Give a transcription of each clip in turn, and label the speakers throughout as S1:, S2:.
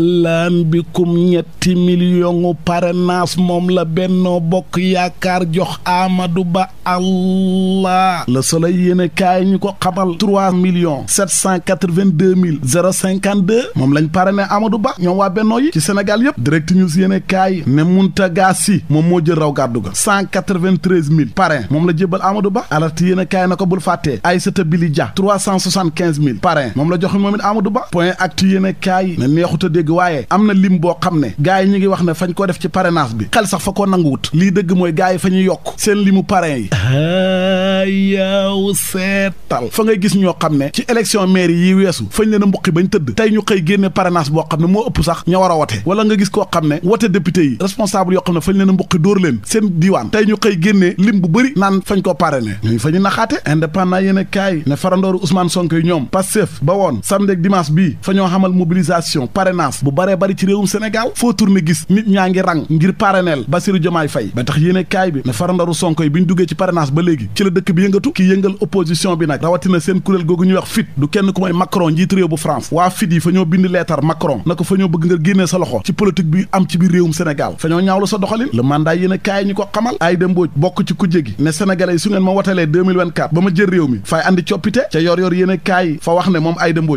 S1: lan bikum ñetti million parrainage moom la Benno Bokk Yaakaar jox aamadu Ba Allah Le Soleil yéene kaay ñu ko xamal trois millions sept cent quatre-vingt-deux mille zéro cinquante-deux moom lañ parrainé Amadou Ba ñoom waa Benno yi ci Sénégal yépp Direct News yéene kaay ne Mountaga Sy moom moo jël raw gàddu ga cent quatre-vingt-treize mille moom la jébbal Amadou Ba alerte yéene kaay na ko bul fàttee Aïssata Bili Dia trois cent soixante-quinze mille parrain moom la jox moom it Amadou Ba point actu yéen kaay ne neexut dégg waaye am na lim boo xam ne gars yi ñu ngi wax ne fañ ko def ci parrainage bi xel sax fa koo nanguwut lii dëgg mooy gars yi fa ñuy yokk seen limu parrain yi yaw seetal fa ngay gis ñoo xam ne ci élection maire yi weesu fañ leen a mbuqi bañ tëdd tey ñu xëy génne parrainage boo xam ne moo ëpp sax ña war a wote wala nga gis koo xam ne wote député yi responsable yoo xam ne fañ leen a mbuqi dóor leen seen diiwaan tey ñu xëy génne lim bu bëri naan fañ ko parrainé ñuñ ñu naxaate indépendant yéen kaay ne farandooru Ousmane Sonko yi ñoom Pastef ba samedi ak dimanche bii fa ñoo xamal mobilisation parrainage bu baree bari ci réewum Sénégal foo tourné gis nit ñaa ngi rang ngir parrainel Bassirou Diomaye Faye ba tax yéene kaay bi ne farandaru sonko yi bi ñu duggee ci parrainage ba léegi ci la dëkk bi yëngatu ki yëngal opposition bi nag rawatina seen kuréel googu ñuy wax fit du kenn ku may Macron njiit réew bu France waa fit yi fa ñoo bind leetar Macron na ko fa ñoo bëgg nga génnee sa loxo ci politique bi am ci biir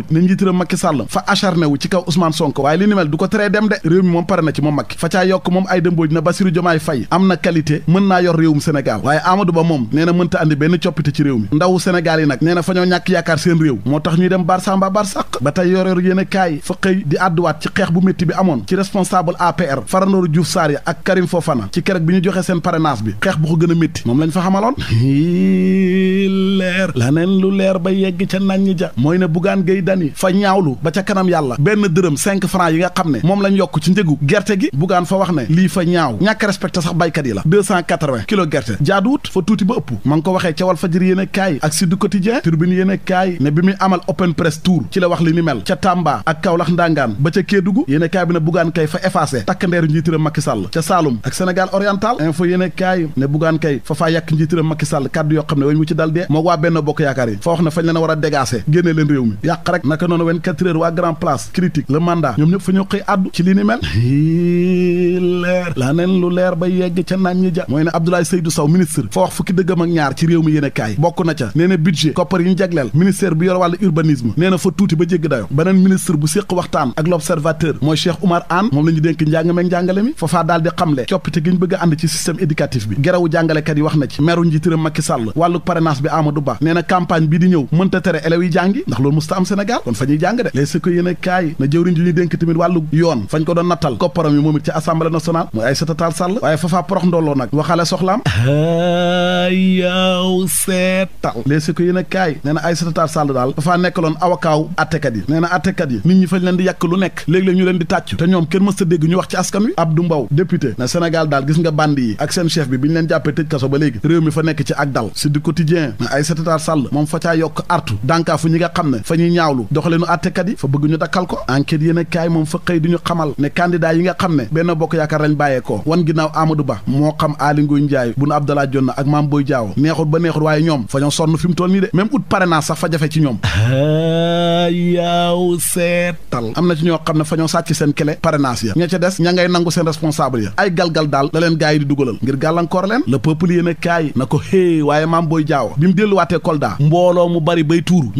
S1: Mbodj ne njiitaram Macky Sall fa acharné wu ci kaw Ousmane Sonko waaye li ni du ko teree dem de réew mi moom pare na ci moom Macky fa caa yokk moom Aïda Mbodj na Bassirou Diomaye Faye am na qualité mën naa yor réewum Sénégal waaye Amadou Ba moom nee na mënta andi benn coppite ci réew mi ndawu Sénégal yi nag nee na fa ñàkk yaakaar seen réew moo tax ñuy dem Barça mbaa Barsàq ba tey yoroor yéen kaay fa xëy di àdduwaat ci xeex bu métti bi amoon ci responsable a dani fa ñaawlu ba ca kanam yàlla benn dërëm cinq francs yi nga xam ne moom lañ yokk ci njëgu gerte gi bugaan fa wax ne lii fa ñaaw ñàkk respecté sax baykat yi la deux cent quatre-vingts kilo gerte jaaduwut fa tuuti ba ëpp ma ngi ko waxee ca Walf Fadjri yéen kaay ak Sud Quotidien Tribune yéen e kaay ne bi muy amal open press tour ci la wax li ni mel ca Tamba ak Kaolack ndangaan ba ca Kédougou yéen kaay bi ne bugaan kay fa effacé takk ndeeru njiitiram Macky ca Saloum ak Sénégal naka noonu wen quatre heures waa grand place critique le mandat ñoom ñëpp fa ñoo xëy addu ci li ni mel leer laa neen lu leer ba yegg ca naan ñi ja mooy ne Abdoulaye Seydou Sow ministre fa wax fukki dëggam ak ñaar ci réew mi yéen bokk na ca nee na budget koppar yi ñu jagleel ministère bi yor wàllu urbanisme nee fa tuuti ba jégg dayo beneen ministre bu séq waxtaan ak l'observateur mooy Cheikh Oumar Anne moom la ñu dénk njàng meeg njàngale mi fafaa daal di xamle bëgg a ànd ci système bi gerawu jàngalekat yi wax na ci meru njiitiram Macky Sall wàllu parrainage bi Amadou bi di ñëw mënta tere élèves ndax loolu am Sénégal Sénégal kon fa ñuy jàng de léeg ko yéen a kaay na jëwriñ ji ñuy dénk tamit wàllu yoon fañ ko doon nattal kopparam yi moom ci assemblée nationale mooy Aïssata Tall Sall waaye fafaa porox ndolloo nag a kaay nee na Aïssata Tall Sall daal dafaa nekkaloon awakaaw attekat yi nee na attekat yi nit ñi fañ leen di yàq lu nekk léeg-léeg ñu leen di tàccu te ñoom kenn mës ta dégg ñu wax ci askan wi Abdou Mbow député na Sénégal daal gis nga bandi yi ak seen chef bi bi ñu leen jàppee tëj kaso ba léegi réew mi fa nekk ci ak dal si du quotidien ñaawlu doxalinu àttekat yi fa bëgg ñu dakkal ko enquête yéen a kaay moom fa xëy di ñu xamal ne candidat yi nga xam ne benn bokk yaakaar lañ bàyyeekoo wan ginnaaw Amadou Ba moo xam Aly Ngouille Ndiaye Boun Abdallah Dionne ak Mame Boye Diao neexut ba neexut waaye ñoom fa ñoo sonn fi mu toll nii de même ut parrainage sax fa jafe ci ñoom yaaw seetal am na ci ñoo xam ne fa ñoo sàcc seen kele parrainage ya ña des ña ngay nangu seen responsable ya ay gal daal la leen gaay yi di dugalal ngir gàllankoor a kaay na ko xée waaye Mame Boye Diao bi mu delluwaatee Kolda mbooloo mu bari bay tuuru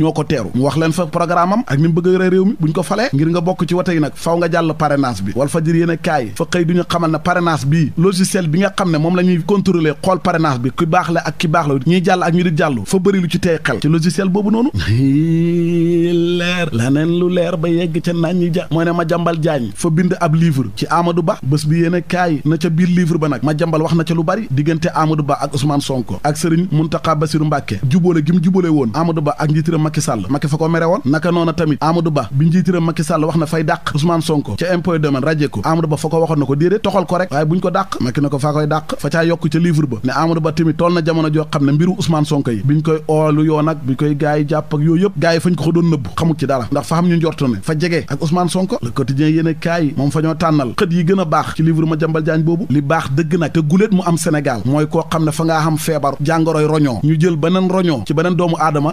S1: programme am ak ni bëgg a yore réew mi buñ ko falee ngir nga bokk ci wote yi nag faw nga jàll parrainage bi Walfadjri yéen a kaay fa xëy duñu xamal ne parrainage bii logiciel bi nga xam ne moom la ñuy contrôler xool parrainage bi ku baax la ak ki baax la ak ñu di jàllu fa bëri lu ci tey xel ci logiciel boobu noonu leer laneen lu leer ba yegg ca naan ñi ja mooy ne ma jàmbal jaañ fa bind ab livre ci Amadou Ba bés bi yéen a kaay na ca biir livre ba nag ma jambal wax na ca lu bari diggante Amadou Ba ak Ousmane Sonko ak Serigne Mountakha Bassirou Mbacké jubóole gi mu jubóole woon Amadou Ba ak njiitiram Macky Sall Macky fa ko mere woon naka noona tamit Amadou Ba bi njiitiram Macky Sall wax na fay dàq Ousmane Sonko ca impôt domaine rajee ko Amadou Ba fa ko waxoon na ko déedéet toxal ko rek waaye bu ko dàq Macky na ko faa koy dàq fa caa yokk ca livre ba ne Amadou Ba tamit tool na jamono joo xam ne mbiru Ousmane Sonko yi biñ koy oolu yoon ak bi koy gaay jàpp ak yooyu yëpp fañ ko ko nëbb xamut ci dara ndax fa xam ñu njortu ne fa jege ak Ousmane Sonko le quotidien yéene kaay moom fa ñoo tànnal xët a baax ci livre ma jambal jaañ boobu li baax dëgg nag te guléet mu am Sénégal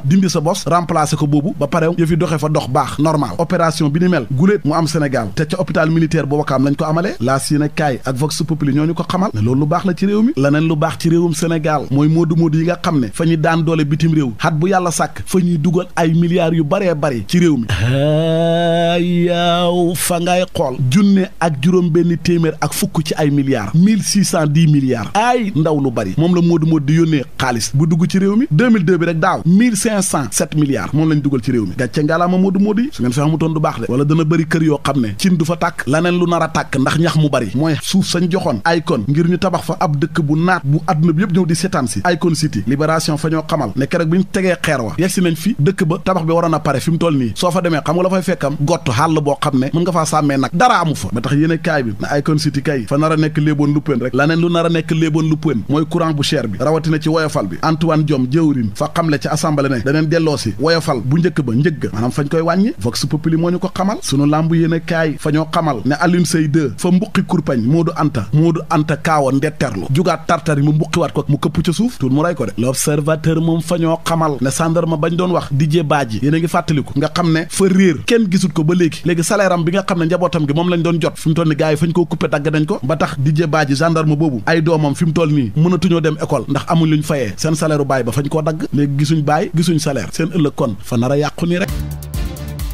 S1: dindi sa bos remplacer ko boobu ba di doxee fa dox baax normal opération bi ni mel guléet mu am Sénégal te ca hôpital militaire bu am lañ ko amalee laas yéen a kaay ak Vox Populi ñoo ñu ko xamal ne loolu lu baax la ci réew mi leneen lu baax ci réewum Sénégal mooy moodu moodu yi nga xam ne fa ñu daan doole bitim réew xat bu yàlla sàkk fa ñuy dugal ay milliards yu baree bari ci réew mi yaaw fa ngay xool junne ak juróom benn téeméer ak fukk ci ay milliards mille six cent dix milliards ndaw lu bari moom la moodu moodu di yónnee xaalis bu dugg ci réew mi 2002 bi rek daaw mille cinq cent sept milliards moom lañ dugal ci réew mi gàcce ngalaama moodu moodu yi su ngeen fi amutoon du baax de wala dana bëri kër yoo xam ne cin du fa tàkk laneen lu nar a tàkk ndax ñax mu bari mooy suuf sañ joxoon Akon ngir ñu tabax fa ab dëkk bu naat bu àdduna bi yëpp ñëw di seetaan si Akon City libération fa ñoo xamal ne keroog bi ñu tegee xeer wa yegsi nañ fi dëkk ba tabax bi waroon a pare fi mu toll nii soo fa demee xam nga la fay fekkam gott xàll boo xam ne mën nga faa sàmmee nag dara amu fa ba tax yéene bi na Akon City kay fa a nekk léeboon lu pën rek laneen lu nar a nekk léeboon lu pën mooy courant bu cher bi rawatina ci woyofal bi Antoine Diome jëwrin fa xamle ci assemblée ne daneen delloo si woyofal bu njëkk ba njëgg ga fañ koy wàññi vox populi moo ñu ko xamal sunu làmb yéen a kaay fa ñoo xamal ne Alioune Seye 2 fa mbuqi kurpañ Moodu Anta moo Moodu Anta kaawa ndetterlu jugaat tartar yi mu mbuqiwaat ko mu këpp ca suuf tuut mu ray ko de l'observateur moom fa ñoo xamal ne sandarma bañ doon wax dijee baaji yéen a ngi ko nga xam ne fa réer kenn gisut ko ba léegi léegi salaire am bi nga xam ne njabootam gi moom lañ doon jot fi mu toll ni gars yi fañ koo coupé dagg ko ba tax dijee baaji gendarme boobu ay doomam fi mu toll nii mënatuñoo dem école ndax amuñ luñ fayee seen salaire u baay ba fañ koo dagg léegi gisuñ baay gisuñ salaire seen ëllëg kon fa rek